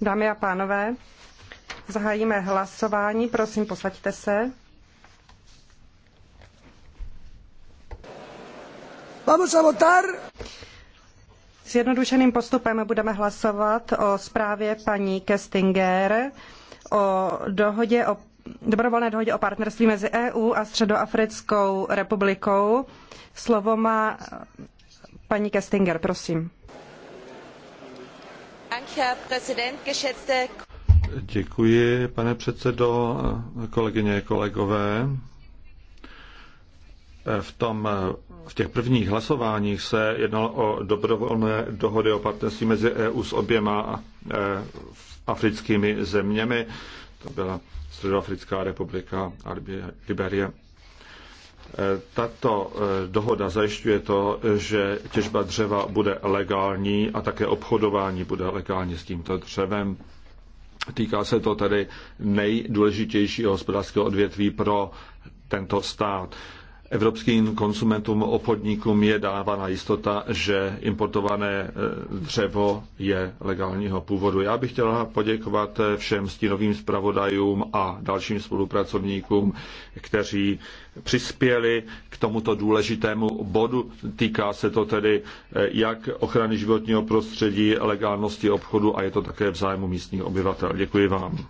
Dámy a pánové, zahájíme hlasování. Prosím, posaďte se. Vamos a votar. S jednodušeným postupem budeme hlasovat o zprávě paní Kestinger o dohodě o dobrovolné dohodě o partnerství mezi EU a Středoafrickou republikou. Slovo má paní Kestinger, prosím. Děkuji, pane předsedo, kolegyně, kolegové. V, tom, v těch prvních hlasováních se jednalo o dobrovolné dohody o partnerství mezi EU s oběma e, africkými zeměmi. To byla Středoafrická republika a Liberie. Tato eh, dohoda zajišťuje to, že těžba dřeva bude legální a také obchodování bude legální s tímto dřevem. Týká se to tedy nejdůležitějšího hospodářského odvětví pro tento stát evropským konsumentům, obchodníkům je dávána jistota, že importované e, dřevo je legálního původu. Já bych chtěla poděkovat e, všem stínovým zpravodajům a dalším spolupracovníkům, kteří přispěli k tomuto důležitému bodu. Týká se to tedy e, jak ochrany životního prostředí, legálnosti obchodu a je to také v zájmu místních obyvatel. Děkuji vám.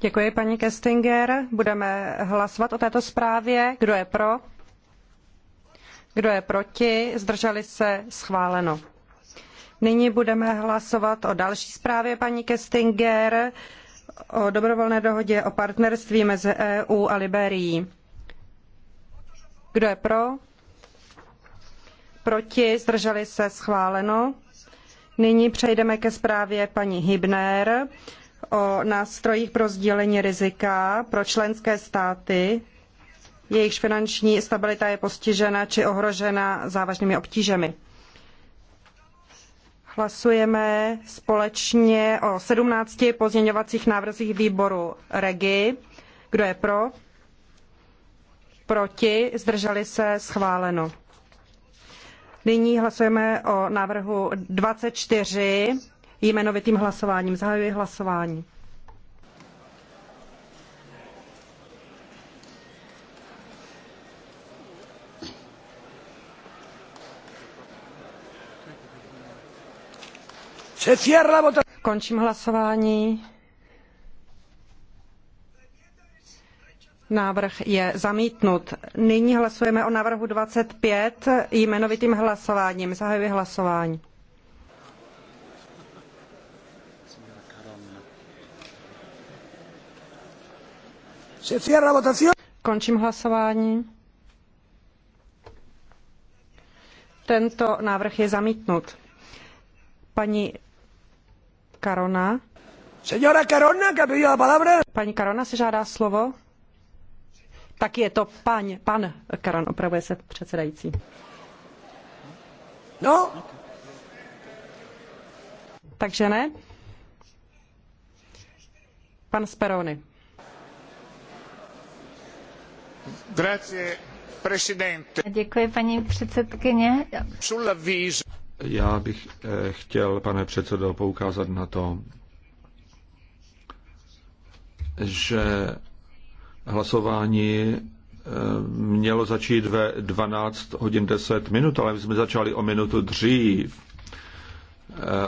Děkuji, paní Kestinger. Budeme hlasovat o této zprávě. Kdo je pro? Kdo je proti? Zdrželi se? Schváleno. Nyní budeme hlasovat o další zprávě paní Kestinger o dobrovolné dohodě o partnerství mezi EU a Liberií. Kdo je pro? Proti? Zdrželi se? Schváleno. Nyní přejdeme ke zprávě paní Hibner o nástrojích pro sdílení rizika pro členské státy, jejichž finanční stabilita je postižena či ohrožena závažnými obtížemi. Hlasujeme společně o 17 pozměňovacích návrzích výboru REGI. Kdo je pro? Proti? Zdrželi se? Schváleno. Nyní hlasujeme o návrhu 24 jmenovitým hlasováním. Zahajuji hlasování. Končím hlasování. Návrh je zamítnut. Nyní hlasujeme o návrhu 25 jmenovitým hlasováním. Zahajuji hlasování. Se cierra votación. Končím hlasování. Tento návrh je zamítnut. Paní Karona. Señora Carona, que ha la palabra. Paní Karona si žádá slovo. Tak je to pan, pan Karon, opravuje se předsedající. No. Takže ne. Pan Sperony. Děkuji, paní předsedkyně. Já bych eh, chtěl, pane předsedo, poukázat na to, že hlasování eh, mělo začít ve 12 hodin 10 minut, ale my jsme začali o minutu dřív.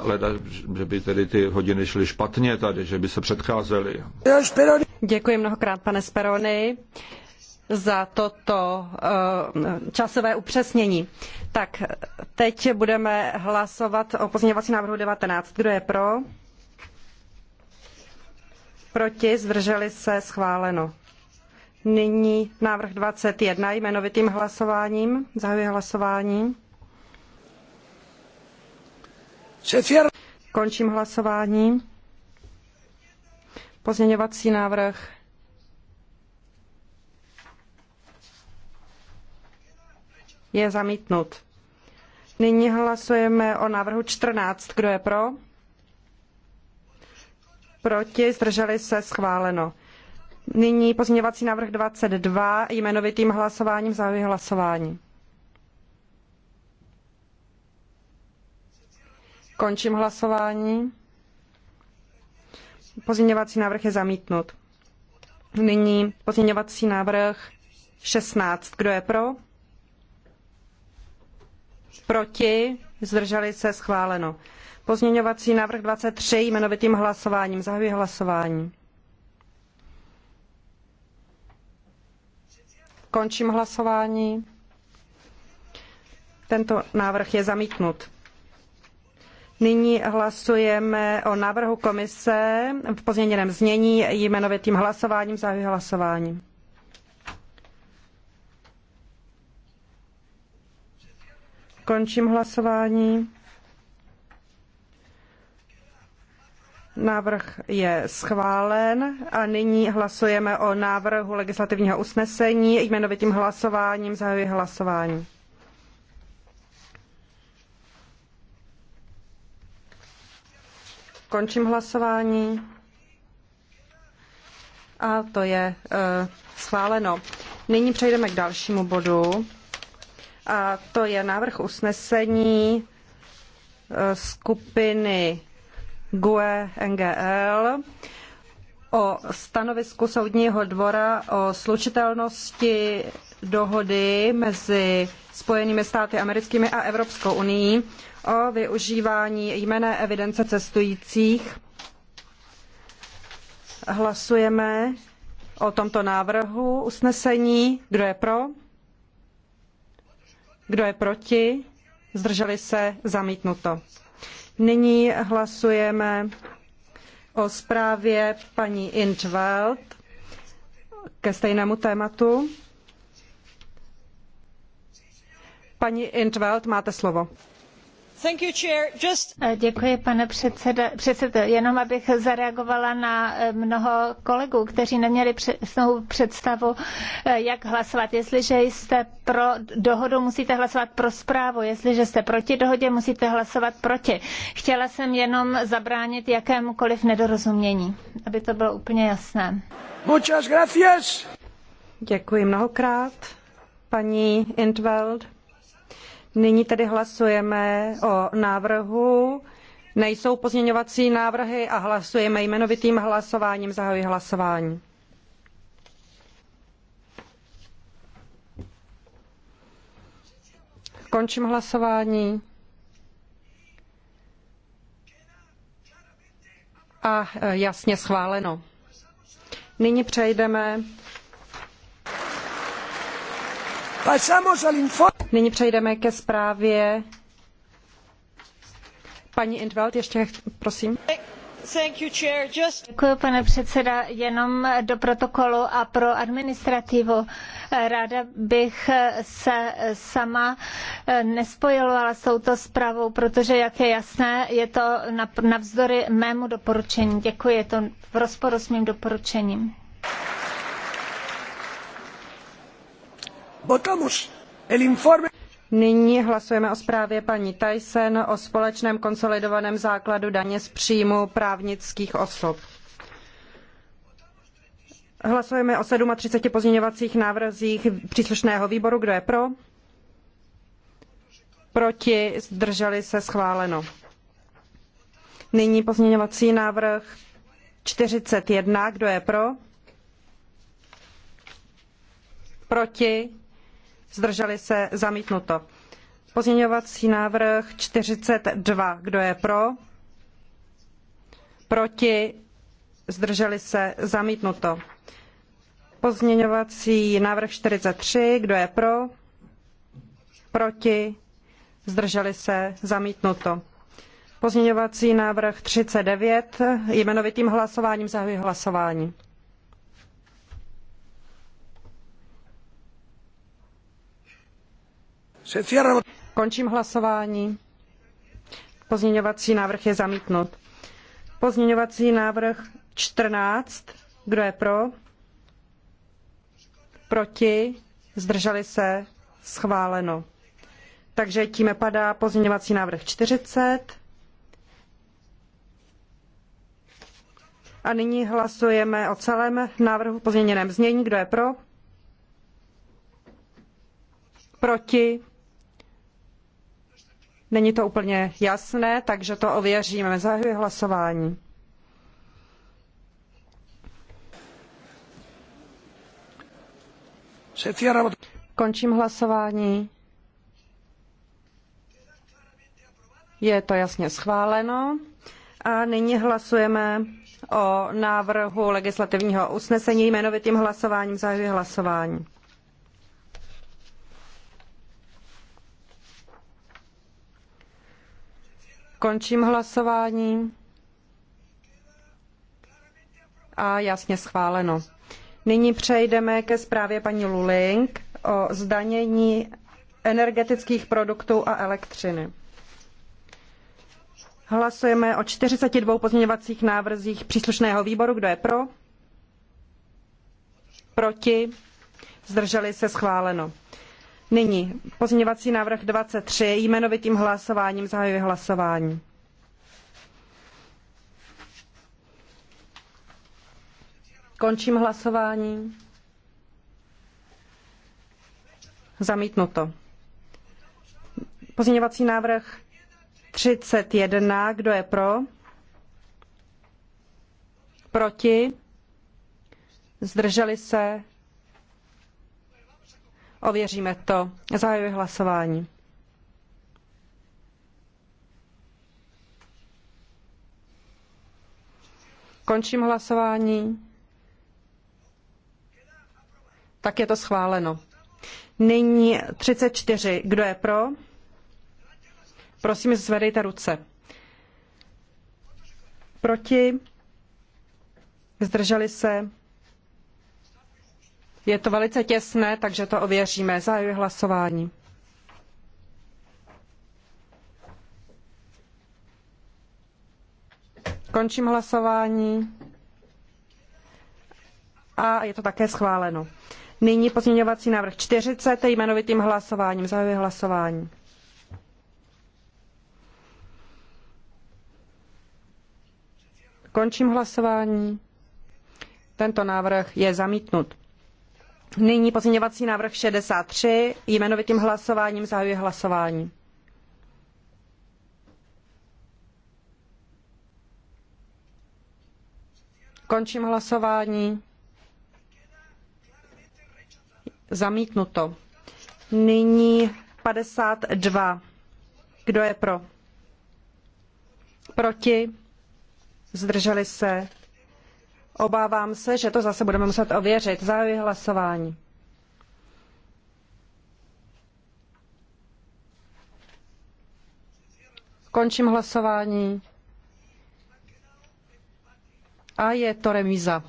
Ale eh, že by tedy ty hodiny šly špatně tady, že by se předcházely. Děkuji mnohokrát, pane Speroni za toto eh, časové upřesnění. Tak, teď budeme hlasovat o pozměňovací návrhu 19. Kdo je pro? Proti? Zdrželi se? Schváleno. Nyní návrh 21 jmenovitým hlasováním. Zahajuji hlasování. Končím hlasování. Pozměňovací návrh je zamítnut. Nyní hlasujeme o návrhu 14. Kdo je pro? Proti, zdrželi se, schváleno. Nyní pozměňovací návrh 22, jmenovitým hlasováním zahajuji hlasování. Končím hlasování. Pozměňovací návrh je zamítnut. Nyní pozměňovací návrh 16. Kdo je pro? proti, zdrželi se, schváleno. Pozměňovací návrh 23 jmenovitým hlasováním. Zahajuji hlasování. Končím hlasování. Tento návrh je zamítnut. Nyní hlasujeme o návrhu komise v pozměněném znění jmenovitým hlasováním. Zahajuji hlasování. Končím hlasování. Návrh je schválen a nyní hlasujeme o návrhu legislativního usnesení. Jmenovitým hlasováním zahajuji hlasování. Končím hlasování. A to je uh, schváleno. Nyní přejdeme k dalšímu bodu a to je návrh usnesení eh, skupiny GUE NGL o stanovisku Soudního dvora o slučitelnosti dohody mezi Spojenými státy americkými a Evropskou unii o využívání jmené evidence cestujících. Hlasujeme o tomto návrhu usnesení. Kdo je pro? Kdo je proti? Zdrželi se? Zamítnuto. Nyní hlasujeme o zprávě paní Intveld ke stejnému tématu. Paní Intveld, máte slovo. Děkuji, pane předsedo. předsedo. Jenom abych zareagovala na eh, mnoho kolegů, kteří neměli přesnou představu, eh, jak hlasovat. Jestliže jste pro dohodu, musíte hlasovat pro zprávu. Jestliže jste proti dohodě, musíte hlasovat proti. Chtěla jsem jenom zabránit jakémukoliv nedorozumění, aby to bylo úplně jasné. Muchas gracias. Děkuji mnohokrát, paní Intveld. Nyní tedy hlasujeme o návrhu. Nejsou pozměňovací návrhy a hlasujeme jmenovitým hlasováním. Zahajuji hlasování. Končím hlasování. A e, jasně schváleno. Nyní přejdeme. Pasamos al informe. Nyní přejdeme ke zprávě paní Intveld, ještě prosím. Děkuji, pane předseda. Jenom do protokolu a pro administrativu. Ráda bych se sama eh, nespojovala s touto zprávou, protože, jak je jasné, je to navzdory mému doporučení. Děkuji, je to v rozporu s mým doporučením. Votamos Nyní hlasujeme o zprávě paní Tyson o společném konsolidovaném základu daně z příjmu právnických osob. Hlasujeme o 37 pozměňovacích návrzích příslušného výboru. Kdo je pro? Proti? Zdrželi se? Schváleno. Nyní pozměňovací návrh 41. Kdo je pro? Proti? zdrželi se, zamítnuto. Pozměňovací návrh 42, kdo je pro? Proti, zdrželi se, zamítnuto. Pozměňovací návrh 43, kdo je pro? Proti, zdrželi se, zamítnuto. Pozměňovací návrh 39, jmenovitým hlasováním zahajuji hlasování. Končím hlasování. Pozměňovací návrh je zamítnut. Pozměňovací návrh 14. Kdo je pro? Proti? Zdrželi se? Schváleno. Takže tím padá pozměňovací návrh 40. A nyní hlasujeme o celém návrhu v pozměněném znění. Kdo je pro? Proti? Není to úplně jasné, takže to ověříme. Zahajuji hlasování. Končím hlasování. Je to jasně schváleno. A nyní hlasujeme o návrhu legislativního usnesení jmenovitým hlasováním. Zahajuji hlasování. Končím hlasování. A jasně schváleno. Nyní přejdeme ke zprávě paní Luling o zdanění energetických produktů a elektřiny. Hlasujeme o 42 pozměňovacích návrzích příslušného výboru. Kdo je pro? Proti? Zdrželi se schváleno. Nyní pozměňovací návrh 23 jmenovitým hlasováním zahajuji hlasování. Končím hlasování. Zamítnuto. Pozměňovací návrh 31. Kdo je pro? Proti? Zdrželi se? Ověříme to. Zahajuji hlasování. Končím hlasování. Tak je to schváleno. Nyní 34. Kdo je pro? Prosím, zvedejte ruce. Proti? Zdrželi se? Je to velice těsné, takže to ověříme. Zahajuji hlasování. Končím hlasování. A je to také schváleno. Nyní pozměňovací návrh 40 jmenovitým hlasováním. Zahajuji hlasování. Končím hlasování. Tento návrh je zamítnut. Nyní pozměňovací návrh 63. Jmenovitým hlasováním zahajuji hlasování. Končím hlasování. Zamítnuto. Nyní 52. Kdo je pro? Proti? Zdrželi se? Obávám se, že to zase budeme muset ověřit. Zahajuji hlasování. Končím hlasování. A je to remíza.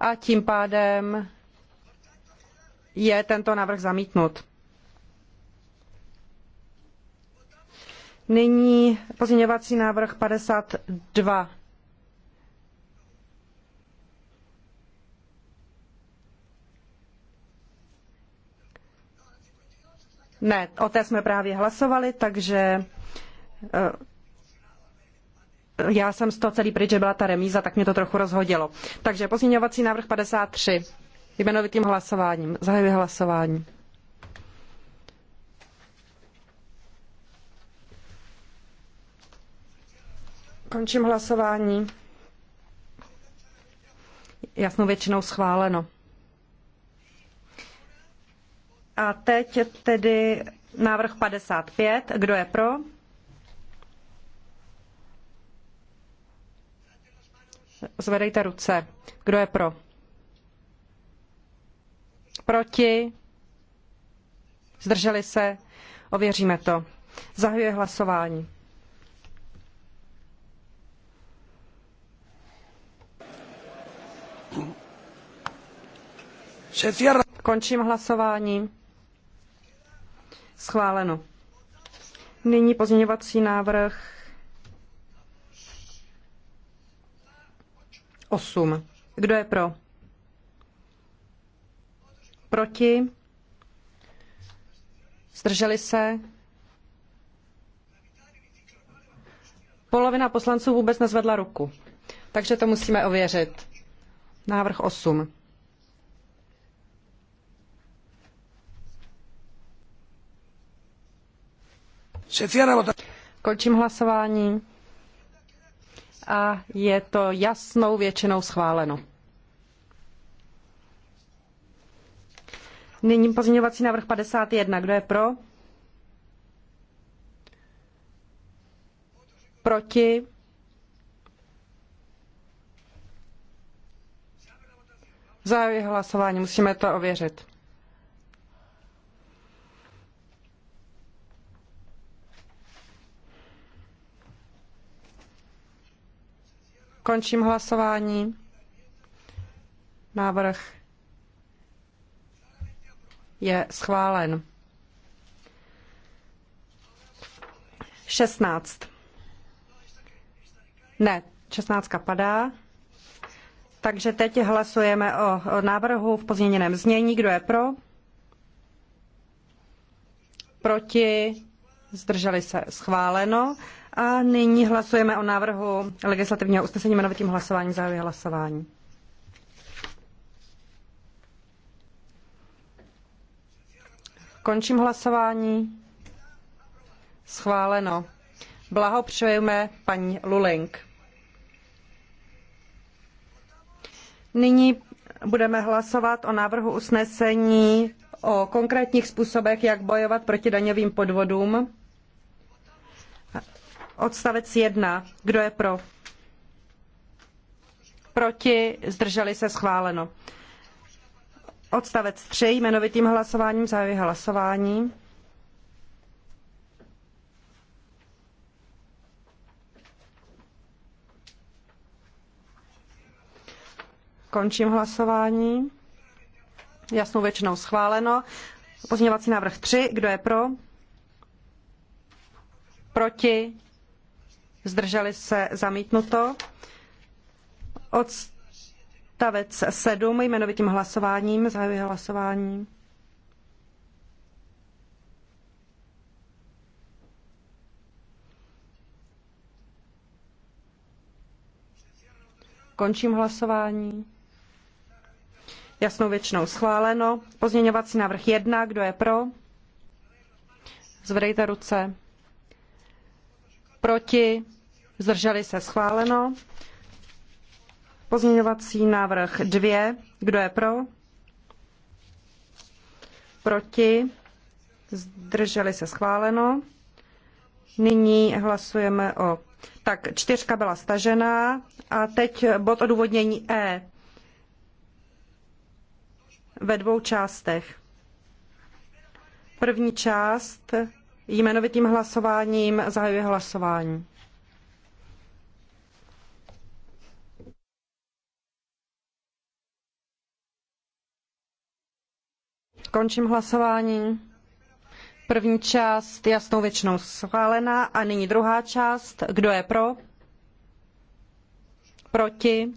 A tím pádem je tento návrh zamítnut. Nyní pozměňovací návrh 52. Ne, o té jsme právě hlasovali, takže eh, já jsem z toho celý pryč, že byla ta remíza, tak mě to trochu rozhodilo. Takže pozměňovací návrh 53. Jmenovitým hlasováním. Zahajuji hlasování. Končím hlasování. Jasnou většinou schváleno. teď tedy návrh 55. Kdo je pro? Zvedejte ruce. Kdo je pro? Proti? Zdrželi se? Ověříme to. Zahajuje hlasování. Končím hlasování. Schváleno. Nyní pozměňovací návrh 8. Kdo je pro? Proti? Zdrželi se? Polovina poslanců vůbec nezvedla ruku. Takže to musíme ověřit. Návrh 8. Končím hlasování. A je to jasnou většinou schváleno. Nyní pozměňovací návrh 51. Kdo je pro? Proti? Zahajuji hlasování, musíme to ověřit. Končím hlasování. Návrh je schválen. 16. Ne, 16 padá. Takže teď hlasujeme o, o návrhu v pozměněném znění. Kdo je pro? Proti? Zdrželi se? Schváleno. A nyní hlasujeme o návrhu legislativního usnesení jmenovitým hlasováním. Zahajuji hlasování. Končím hlasování. Schváleno. Blahopřejeme paní Luling. Nyní budeme hlasovat o návrhu usnesení o konkrétních způsobech, jak bojovat proti daňovým podvodům. Odstavec 1. Kdo je pro? Proti? Zdrželi se schváleno. Odstavec 3. Jmenovitým hlasováním zahajuji hlasování. Končím hlasování. Jasnou většinou schváleno. Pozměňovací návrh 3. Kdo je pro? Proti? zdrželi se zamítnuto. Odstavec 7 jmenovitým hlasováním, zahajuji hlasování. Končím hlasování. Jasnou většinou schváleno. Pozměňovací návrh 1. Kdo je pro? Zvedejte ruce. Proti? Zdrželi se schváleno. Pozměňovací návrh 2. Kdo je pro? Proti? Zdrželi se schváleno. Nyní hlasujeme o... Tak, čtyřka byla stažená a teď bod odůvodnění E ve dvou částech. První část jmenovitým hlasováním zahajuje hlasování. Končím hlasování. První část jasnou většinou schválená a nyní druhá část. Kdo je pro? Proti?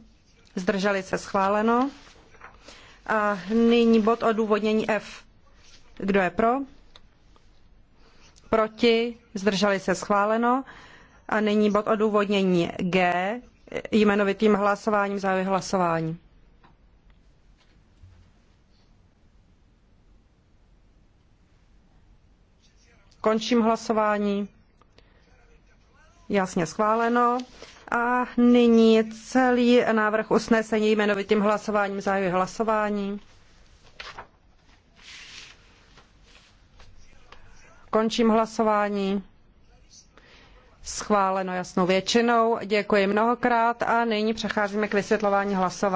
Zdrželi se schváleno. A nyní bod odůvodnění F. Kdo je pro? Proti? Zdrželi se schváleno. A nyní bod odůvodnění G. Jmenovitým hlasováním zahajuji hlasování. Končím hlasování. Jasně schváleno. A nyní celý návrh usnesení jmenovitým hlasováním zahajuje hlasování. Končím hlasování. Schváleno jasnou většinou. Děkuji mnohokrát a nyní přecházíme k vysvětlování hlasování.